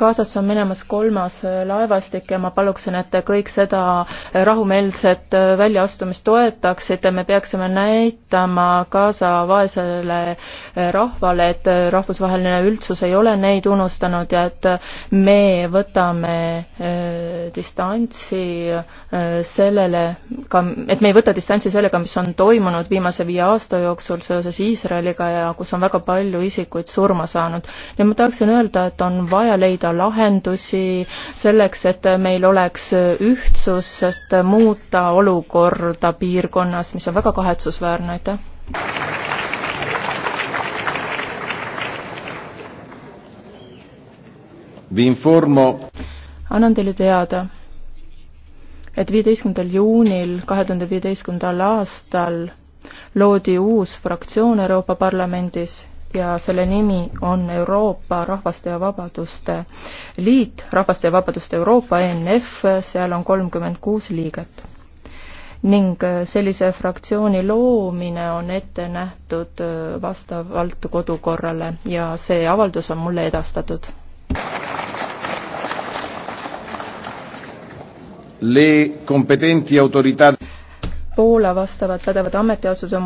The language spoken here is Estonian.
Gazasse on minemas kolmas äh, laevastik ja ma paluksin, et te kõik seda äh, rahumeelset äh, väljaastumist toetaksite, me peaksime näitama Gaza vaesele rahvale, et rahvusvaheline üldsus ei ole neid unustanud ja et me võtame distantsi äh, sellele ka, et me ei võta distantsi sellega, mis on toimunud viimase viie aasta jooksul seoses Iisraeliga ja kus on väga palju isikuid surma saanud. ja ma tahaksin öelda, et on vaja leida lahendusi selleks, et meil oleks ühtsus, sest muuta olukorda piirkonnas, mis on väga kahetsusväärne, aitäh. vi informo annan teile teada, et viieteistkümnendal juunil kahe tuhande viieteistkümnendal aastal loodi uus fraktsioon Euroopa Parlamendis ja selle nimi on Euroopa Rahvaste ja Vabaduste Liit, Rahvaste ja Vabaduste Euroopa, ENF, seal on kolmkümmend kuus liiget ning äh, sellise fraktsiooni loomine on ette nähtud äh, vastavalt kodukorrale ja see avaldus on mulle edastatud. le competenti autorità Poola vastavad pädevad ametiasutused